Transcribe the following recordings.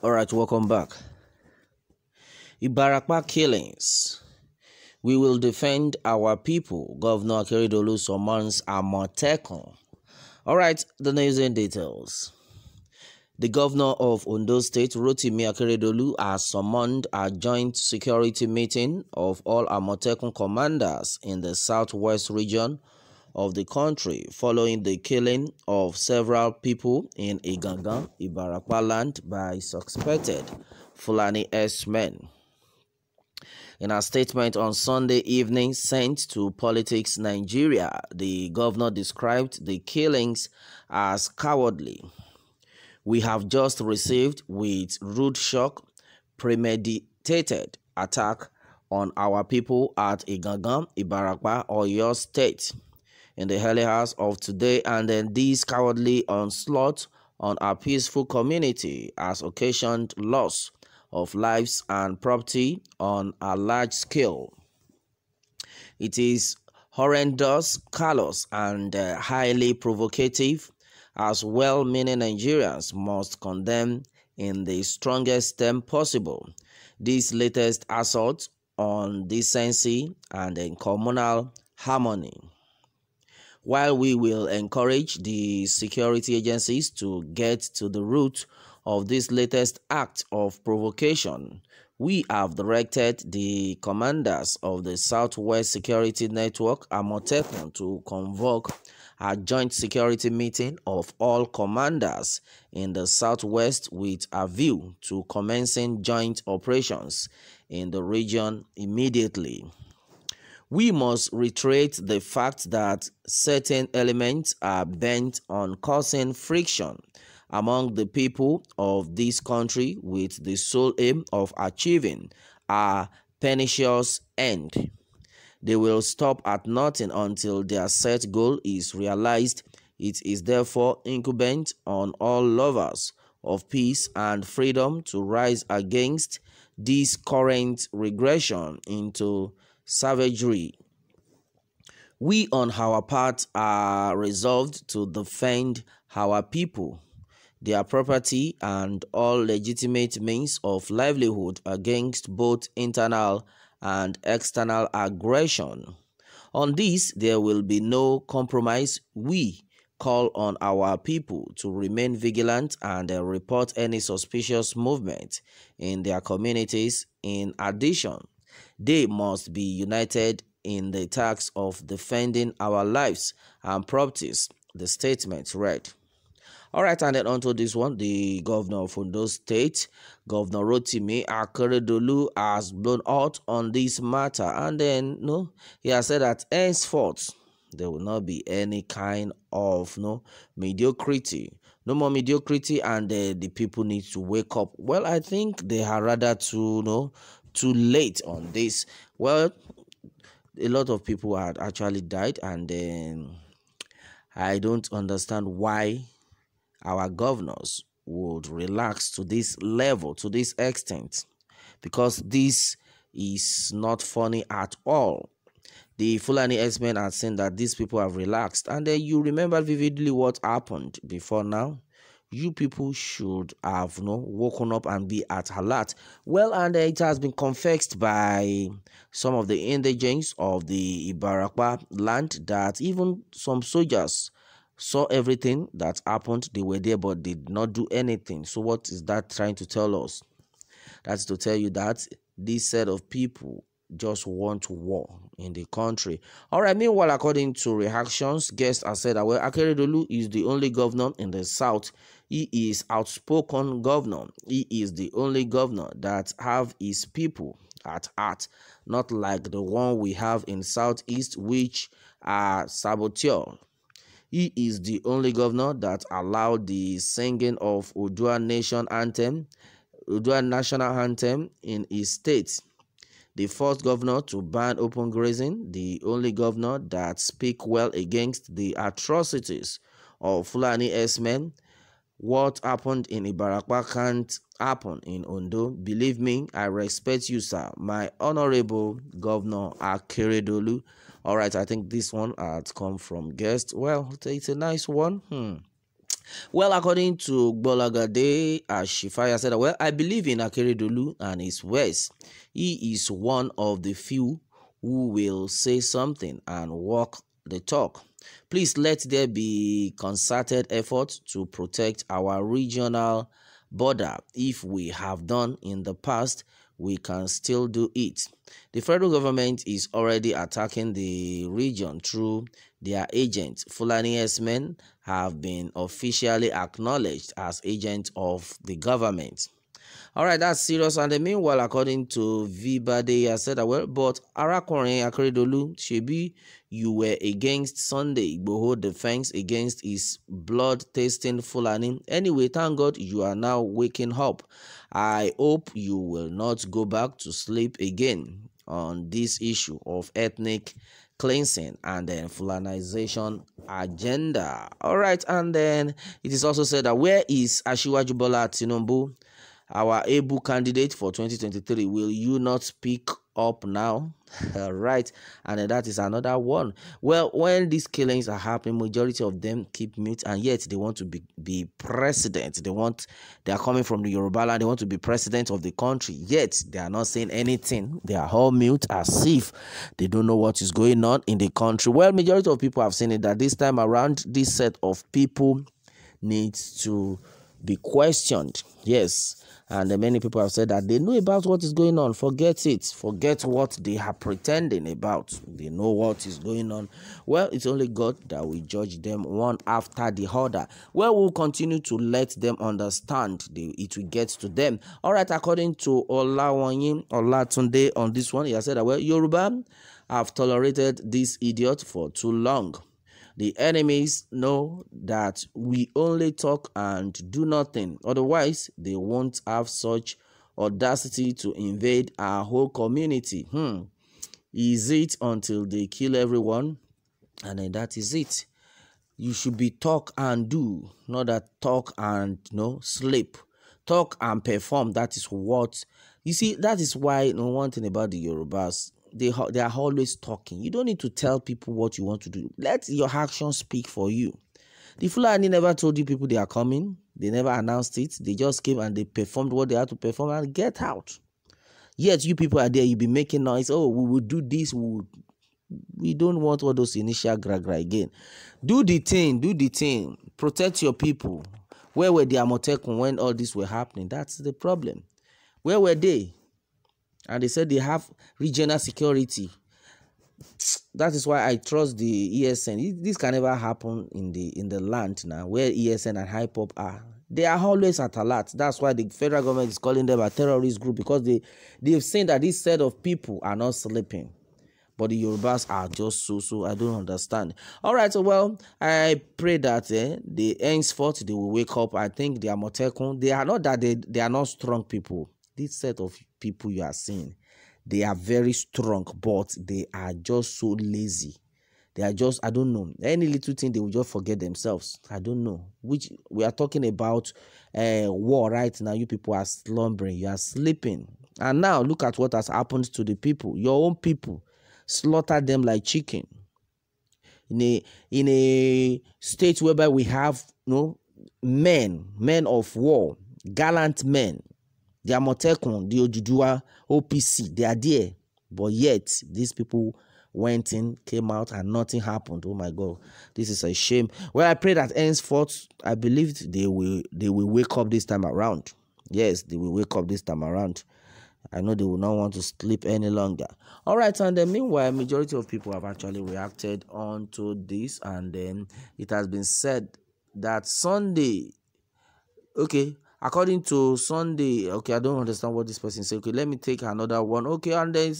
All right, welcome back. Ibarapa killings. We will defend our people, Governor Akeridolu summons Amotekun. All right, the news in details. The governor of Ondo State, Rotimi Akeredolu, has summoned a joint security meeting of all Amotekun commanders in the southwest region of the country following the killing of several people in Iganga, Ibarapa land by suspected Fulani S-men. In a statement on Sunday evening sent to Politics Nigeria, the governor described the killings as cowardly we have just received with rude shock premeditated attack on our people at Igangam, Ibarakwa, or your state in the early hours of today and then this cowardly onslaught on our peaceful community has occasioned loss of lives and property on a large scale. It is horrendous, callous, and uh, highly provocative as well-meaning Nigerians must condemn in the strongest term possible this latest assault on decency and communal harmony. While we will encourage the security agencies to get to the root of this latest act of provocation, we have directed the commanders of the Southwest Security Network, Amotekun, to convoke a joint security meeting of all commanders in the Southwest with a view to commencing joint operations in the region immediately. We must reiterate the fact that certain elements are bent on causing friction among the people of this country with the sole aim of achieving a pernicious end. They will stop at nothing until their set goal is realized. It is therefore incumbent on all lovers of peace and freedom to rise against this current regression into savagery. We, on our part, are resolved to defend our people their property and all legitimate means of livelihood against both internal and external aggression. On this, there will be no compromise. We call on our people to remain vigilant and uh, report any suspicious movement in their communities. In addition, they must be united in the task of defending our lives and properties, the statement read. All right, and then onto this one, the governor of Ondo State, Governor Rotimi Akeredolu, has blown out on this matter, and then no, he has said that henceforth there will not be any kind of no mediocrity no more mediocrity and uh, the people need to wake up well i think they are rather too you know too late on this well a lot of people had actually died and um, i don't understand why our governors would relax to this level, to this extent, because this is not funny at all. The Fulani X-Men are saying that these people have relaxed, and then you remember vividly what happened before now. You people should have you know, woken up and be at alert. Well, and it has been confessed by some of the indigents of the Ibarakwa land that even some soldiers saw everything that happened. They were there, but did not do anything. So what is that trying to tell us? That's to tell you that this set of people just want war in the country. All right, meanwhile, according to reactions, guests have said that well, Akeredolu is the only governor in the south. He is outspoken governor. He is the only governor that have his people at heart, not like the one we have in southeast, which are saboteur he is the only governor that allowed the singing of Odua Nation Anthem, Odua National Anthem in his state. The first governor to ban open grazing, the only governor that speak well against the atrocities of Fulani S-men. What happened in Ibarakwa can't happen in Ondo. Believe me, I respect you, sir. My honorable governor Akeredolu all right i think this one had come from guest well it's a nice one hmm. Well, according to Bolagade Ashifaya said, well, I believe in Akeredolu and his ways. He is one of the few who will say something and walk the talk. Please let there be concerted effort to protect our regional border if we have done in the past we can still do it. The federal government is already attacking the region through their agents. Fulani S-men have been officially acknowledged as agents of the government. All right, that's serious. And then meanwhile, according to I said that, well, but Arakorin Akeredolu, Shebi, you were against Sunday Boho defense against his blood-tasting Fulani. Anyway, thank God you are now waking up. I hope you will not go back to sleep again on this issue of ethnic cleansing and then fulanization agenda. All right, and then it is also said that where is Ashiwaju Bola Tinubu? our able candidate for 2023 will you not speak up now right and that is another one well when these killings are happening majority of them keep mute and yet they want to be, be president they want they are coming from the yoruba land they want to be president of the country yet they are not saying anything they are all mute as if they don't know what is going on in the country well majority of people have seen it that this time around this set of people needs to be questioned. Yes. And many people have said that they know about what is going on. Forget it. Forget what they are pretending about. They know what is going on. Well, it's only God that will judge them one after the other. Well, we'll continue to let them understand. They, it will get to them. All right, according to Olawanyin Olatunde on this one, he has said that, well, Yoruba have tolerated this idiot for too long. The enemies know that we only talk and do nothing, otherwise, they won't have such audacity to invade our whole community. Hmm. Is it until they kill everyone? And then that is it. You should be talk and do, not that talk and you no know, sleep. Talk and perform. That is what you see. That is why you know, one thing about the Yorubas they they are always talking. You don't need to tell people what you want to do. Let your actions speak for you. The Fulani never told you people they are coming. They never announced it. They just came and they performed what they had to perform and get out. Yet you people are there. You be making noise. Oh, we will do this. We will... we don't want all those initial gra gra again. Do the thing. Do the thing. Protect your people. Where were the Amotekun when all this were happening? That's the problem. Where were they? and they said they have regional security that is why i trust the esn this can never happen in the in the land now where esn and hypop are they are always at alert that's why the federal government is calling them a terrorist group because they they've seen that this set of people are not sleeping but the yorubas are just so so i don't understand all right so well i pray that eh, the henceforth they will wake up i think they are motekun they are not that they, they are not strong people this set of people you are seeing, they are very strong, but they are just so lazy. They are just, I don't know, any little thing they will just forget themselves. I don't know. Which we are talking about uh, war right now. You people are slumbering, you are sleeping. And now look at what has happened to the people. Your own people slaughter them like chicken. In a in a state whereby we have you know, men, men of war, gallant men they are Amotekun, the Ojudua, OPC, they are there. But yet, these people went in, came out, and nothing happened. Oh my God, this is a shame. Well, I pray that henceforth, I believe they will they will wake up this time around. Yes, they will wake up this time around. I know they will not want to sleep any longer. All right, and then meanwhile, majority of people have actually reacted onto this, and then it has been said that Sunday, okay, according to sunday okay i don't understand what this person said okay let me take another one okay and then,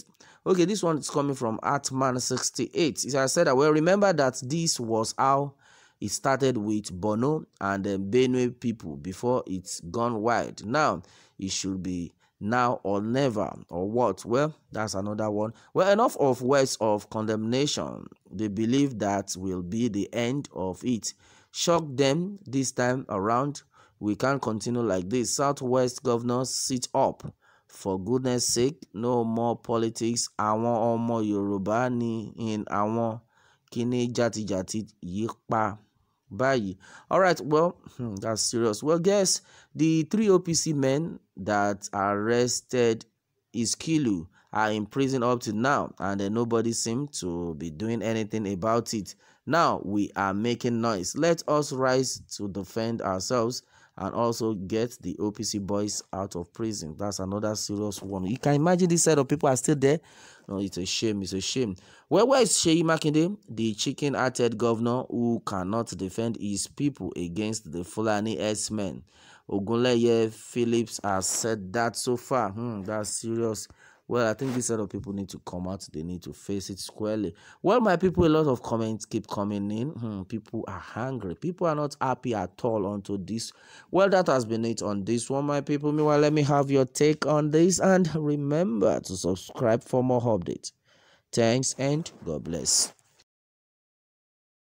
okay this one is coming from atman 68 As i said well remember that this was how it started with bono and the benue people before it's gone wide now it should be now or never or what well that's another one well enough of words of condemnation they believe that will be the end of it shock them this time around We can't continue like this. Southwest governors sit up. For goodness sake, no more politics. Àwọn ọmọ Yorùbá ni in àwọn kíní jàtijàti yìí pa báyìí. All right, well, hmm, that's serious. Well, guess the three OPC men that arrested Iskilu are in prison up to now, and uh, nobody seems to be doing anything about it. Now we are making noise. Let us rise to defend ourselves and also get the OPC boys out of prison. That's another serious one. You can imagine this set of people are still there. No, it's a shame. It's a shame. Well, where is Sheyi Makinde, the chicken-hearted governor who cannot defend his people against the Fulani S-men? Ogunleye Phillips has said that so far. Hmm, that's serious. Well, I think this set of people need to come out. They need to face it squarely. Well, my people, a lot of comments keep coming in. Hmm, people are hungry. People are not happy at all onto this. Well, that has been it on this one, my people. Meanwhile, let me have your take on this. And remember to subscribe for more updates. Thanks and God bless.